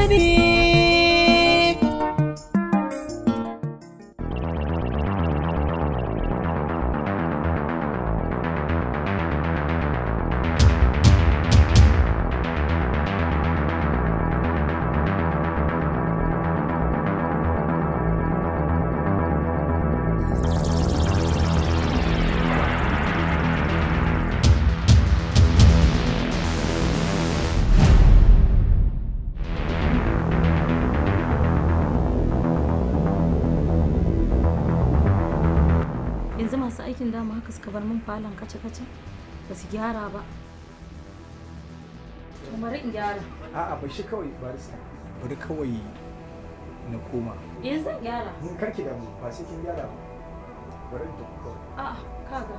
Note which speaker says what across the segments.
Speaker 1: sani
Speaker 2: da dama haka suka bar min falon kace-kace ba su gyara ba to bari in gyara
Speaker 3: a'a bai shi kawai barista bari kawai na koma
Speaker 2: eh zan gyara
Speaker 3: mun karki da mu ba sai kin gyara ba bari in tafi
Speaker 2: a'a kaga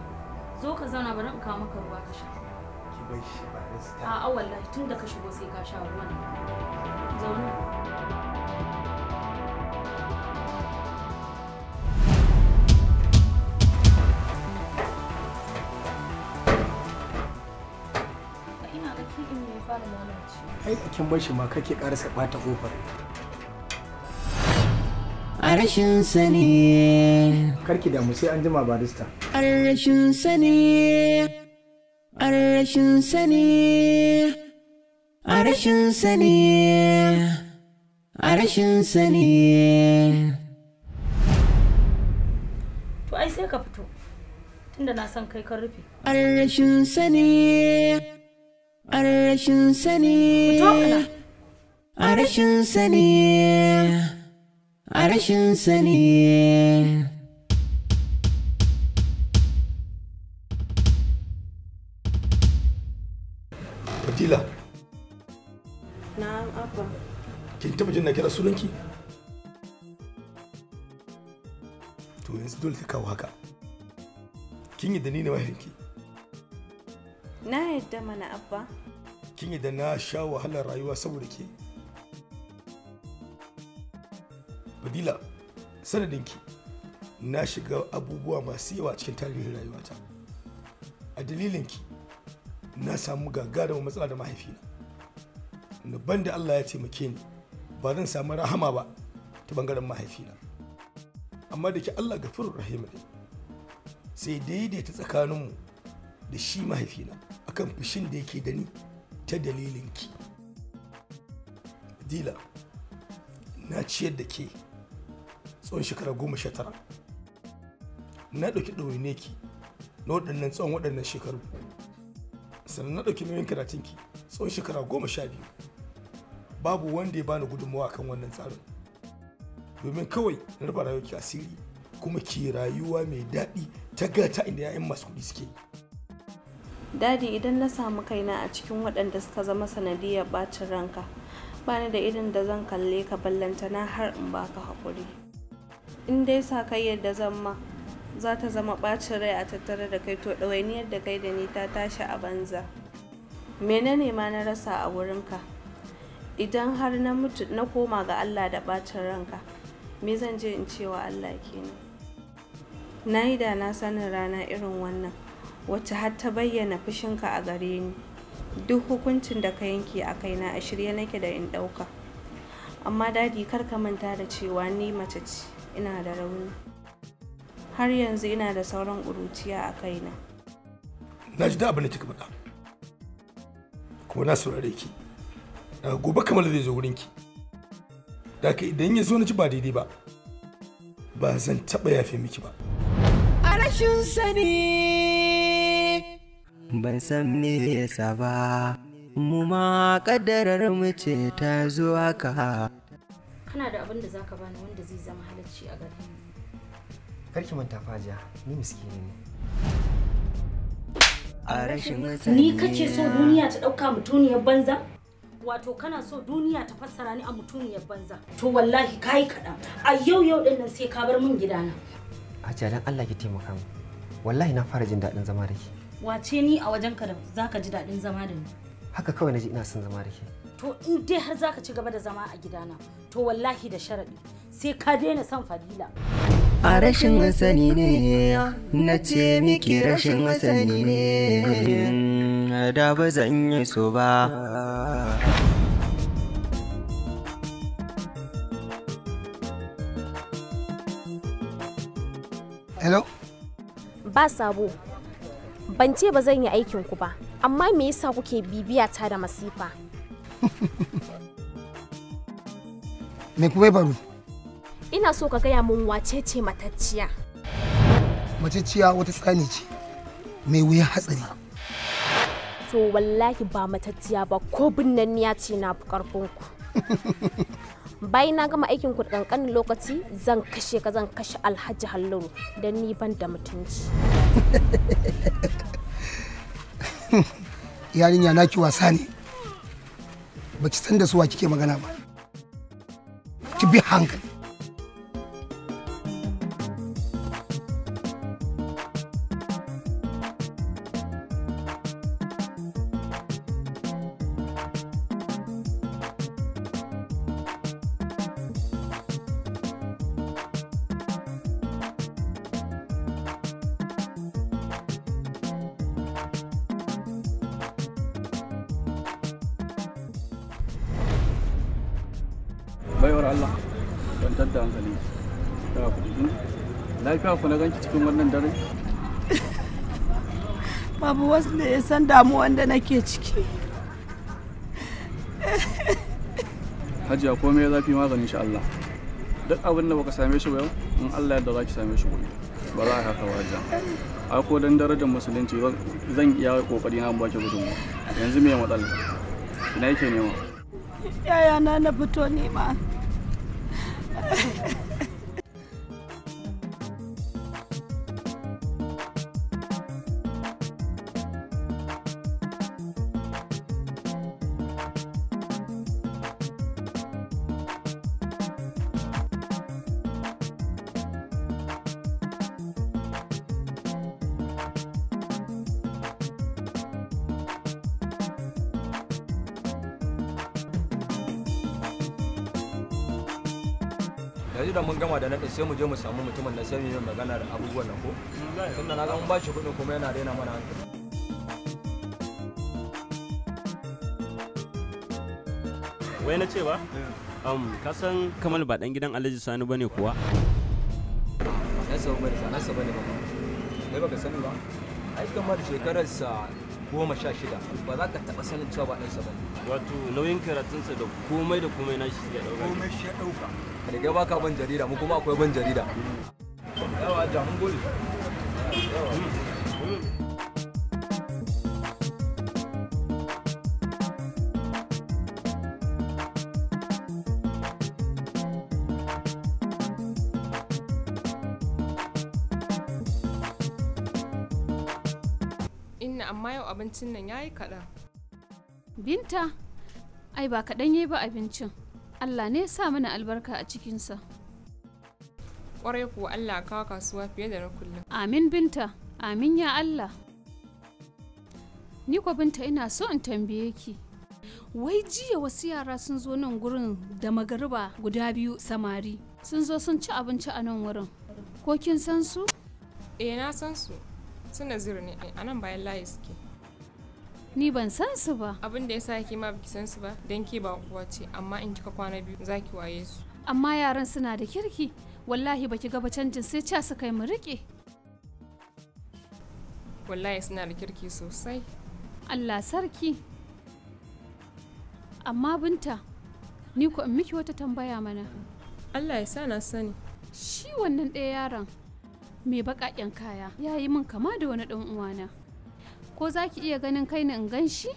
Speaker 2: zo ka zauna bari in kawo maka ruwa ka sha ki
Speaker 3: bai shi barista a'a
Speaker 2: wallahi tun da ka shigo sai ka sha ruwan zauna
Speaker 3: kai a kin bashi ma kake karasa bata kofar a rashin sani karki damu sai an jima barista
Speaker 1: a rashin sani a rashin sani a rashin sani a rashin sani
Speaker 2: to ai sai ka fito tunda na san kai ka rufe
Speaker 1: a rashin sani a rashin sani a rashin sani a rashin sani
Speaker 4: fadila na'am
Speaker 3: abba kin taba jin na kira sunanki to yanzu dole ta kawo haka kin yi da ni ne mahaifinki
Speaker 4: na yadda mana abba
Speaker 3: kin yadda na sha wahalar rayuwa saboda ke sanadin sanadinki na shiga abubuwa masu yawa cikin tarihin rayuwata a dalilin ki na samu wa matsala da mahaifina na banda allah ya taimake ni ba zan samu rahama ba ta bangaren mahaifina amma da ke allah gafurur rahima ne sai daidaita tsakaninmu da shi mahaifina akan fushin da yake da ni ta dalilinki dila na ciyar da ke tsawon shekara goma sha tara na ɗauki ɗawaine ki na waɗannan tsawon waɗannan shekaru sannan na ɗauki nauyin karatunki tsawon shekara goma sha biyu babu wanda ya bani gudunmawa kan wannan tsarin domin kawai na raba rayuwarki asiri kuma ke rayuwa mai daɗi ta gata inda 'ya'yan masu kuɗi suke yi
Speaker 4: dadi idan na samu kaina a cikin waɗanda suka zama sanadiyar bacin ranka bani da irin da zan kalle ka na har in baka haƙuri in dai sa kai yadda zan ma za ta zama ɓacin rai a tattare da kai to ɗawainiyar da kai da ni ta tashi a banza menene ma na rasa a wurinka idan har na mutu na koma ga allah da bacin ranka me zan je in cewa allah kenan na yi da na sanin rana irin wannan wacce har ta bayyana fushinka a gare ni duk hukuncin da ka yanke a kaina a shirye nake da in ɗauka amma dadi kar ka manta da cewa ni mace ce ina da rauni har yanzu ina da sauran ƙuruciya a kaina
Speaker 3: na ji da abin da kika faɗa kuma na saurare ki daga gobe kamar zai zo wurinki da ka idan ya zo na ji ba daidai ba ba zan taɓa yafe miki ba
Speaker 2: a rashin sani
Speaker 3: ban san me yasa ba mu ma kaddarar mu ce ta zo haka
Speaker 2: kana da abin da zaka bani wanda zai zama halacci a garin
Speaker 3: karki manta fajiya ni miskini ne a rashin ni kace so duniya
Speaker 2: ta dauka mutuniyar banza wato kana so duniya ta fassara ni a mutuniyar banza to wallahi kai kaɗan a yau yau din nan sai ka bar min gidana
Speaker 3: a dan Allah ki taimaka min wallahi na fara jin daɗin zama da ke
Speaker 2: wace ni a wajen ka da ka ji daɗin zama da ni
Speaker 3: haka kawai na ji ina son zama da ke
Speaker 2: to in dai har zaka ci gaba da zama a gidana to wallahi da sharaɗi sai ka daina son fadila
Speaker 3: a rashin sani ne na ce miki rashin masani ne da ba zan yi so ba
Speaker 2: hello ba sabo ban ce ba zan yi aikin ku ba amma me yasa kuke bibiya ta da masifa
Speaker 3: me kuma baro
Speaker 2: ina so ka gaya min wace ce matacciya
Speaker 3: matacciya wata tsani ce mai wuyan hatsari
Speaker 2: to wallahi ba matacciya ba ko binnanniya ce na karfin ku bayan na gama aikin ku da kankanin lokaci zan kashe ka zan kashe alhaji halluru don ni ban da mutunci
Speaker 3: yarinya ki wasa ne ba ki san da su suwa kike magana ba ki bi hankali baiwar Allah kwantar da hankali ta kudu lafiya ku na ganki cikin wannan dare
Speaker 1: babu wasu da ya san damu da nake ciki
Speaker 3: hajiya komai zafi magani shi Allah duk abin da baka same shi ba yau in Allah yadda zaki ki same shi gobe ba za a haka ba hajiya a ko dan darajar musulunci zan iya kokari na ki gudunmu yanzu me matsala ina yake nema yaya na na fito nema yanzu da mun gama da naɗin sai mu je mu samu mutumin na sai mu yi magana da abubuwan nan ko da na ga mun shi kuɗin kuma yana daina mana hankali wai na ce ba eh.
Speaker 1: um, ka kasan kamal ba dan gidan alhaji sani bane kuwa
Speaker 3: nasa bane ba nasa bane ba kai baka sani ba ai kamar shekararsa goma sha shida ba za ka taɓa sanin cewa ba ɗansa ne wato nauyin karatunsa da komai da komai na shi ya dauka komai shi ya dauka daga baka ban jarida mu kuma akwai ban jarida yawa da mun gode
Speaker 1: Inna amma yau abincin nan yayi kaɗan. Binta, ai ba kaɗan yi ba abincin. Allah ne sa mana albarka a cikinsa. Ƙwarai kuwa Allah kawo kasuwa fiye da na kullum. Amin Binta, amin ya Allah. Ni kwa Binta ina so in tambaye ki. Wai jiya wasu yara sun zo nan gurin da magariba guda biyu samari. Sun zo sun ci abinci a nan wurin. Ko kin san su? Eh na san su. Suna zirne eh, a nan bayan layi suke. Ni ban san su ba. Abin da ya sa ki ma baki san su ba, don ki ba kuwa ce, amma in kika kwana biyu za ki waye su. Amma yaran suna da kirki, wallahi baki gaba canjin sai ca su kai mu rike Wallahi suna da kirki sosai. Allah sarki. Amma binta, ni ko in miki wata tambaya mana. Allah ya sa na sani. Shi wannan ɗaya yaron mai baƙaƙen kaya ya yi min kama da wani ɗan uwana. ko za ki iya ganin kai na in gan shi?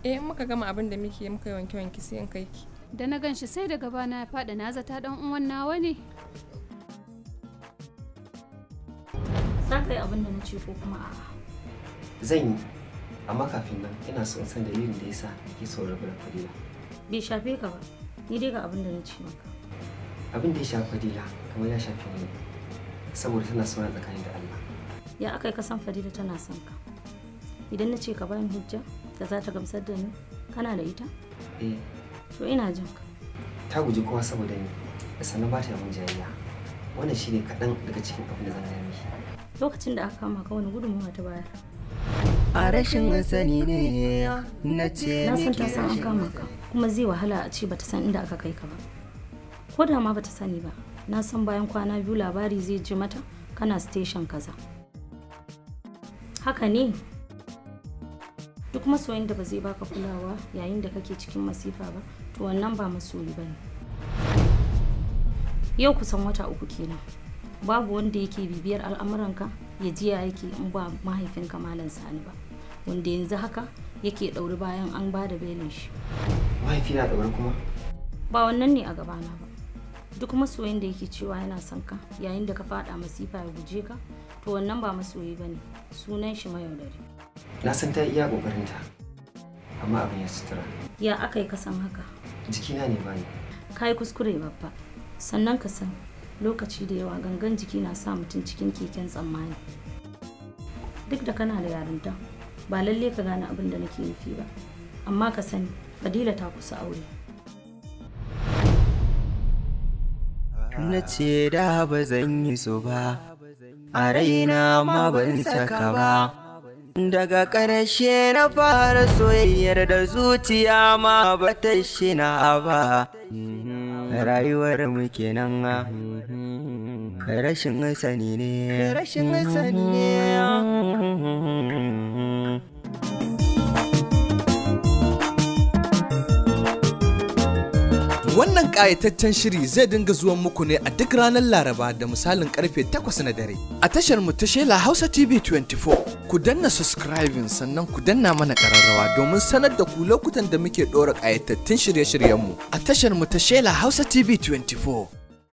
Speaker 1: Eh in muka gama abin da muke muka yi wanke wanke sai in kai ki. Da na gan shi sai da ba na faɗa na zata dan uwan nawa
Speaker 2: ne. Za ka yi abin da na ce ko kuma a'a.
Speaker 3: Zan yi amma kafin nan ina so in san dalilin da yasa kike so rabu da Fadila.
Speaker 2: Bai shafe ka ba. Ni dai ga abin da na ce maka.
Speaker 3: Abin da ya shafi Fadila kamar ya shafi ni. Saboda tana so na tsakani da Allah.
Speaker 2: ya aka yi kasan farida tana son ka idan na ce ka bani hujja da za ta gamsar da ni kana da ita eh to ina jin ka
Speaker 3: ta guji kowa saboda ni sannan ba ta yawan jayayya wannan shine kaɗan daga cikin abin da zan gaya miki
Speaker 2: lokacin da aka kama ka wani gudunmawa ta bayar
Speaker 3: a rashin sani ne na ce na san ta san an kama ka
Speaker 2: kuma zai wahala a ce bata san inda aka kai ka ba ko da ma bata sani ba na san bayan kwana biyu labari zai ji mata kana station kaza haka ne duk masoyin da ba zai baka kulawa yayin da kake cikin masifa ba to wannan ba masoyi ba ne yau kusan wata uku kenan babu wanda yake bibiyar al'amuranka ya jiya yake in ba mahaifinka malam sani ba wanda yanzu haka yake ɗauri bayan an ba da belin shi
Speaker 3: mahaifina dauri kuma
Speaker 2: ba wannan ne a gabana ba duk masoyin da yake cewa yana son ka yayin da ka faɗa masifa ya guje ka to wannan ba masoyi ba ne sunan shi mayaudari
Speaker 3: na san ta iya ƙoƙarinta amma abin ya sutura
Speaker 2: ya aka yi kasan haka jikina ne bani ka yi kuskure babba sannan ka san lokaci da yawa gangan jiki na sa mutum cikin keken tsammani duk da kana da yarinta ba lalle ka gane abin da nake nufi ba amma ka sani fadila ta kusa aure
Speaker 3: na ce da ba zan yi so ba a raina ma ban saka ba daga ƙarshe na fara soyayyar da zuciya ma ba ta na ba rayuwar nan kenan ah. rashin sani ne rashin sani ne ah. Wannan ƙayataccen shiri zai dinga zuwan muku ne a duk ranar Laraba da misalin karfe 8 na dare. A tashar mu ta Shela Hausa TV 24. Ku danna subscribing sannan ku danna mana ƙararrawa domin sanar da ku lokutan da muke ɗora ƙayatattun shirye-shiryenmu a tashar mu ta Shela Hausa TV 24.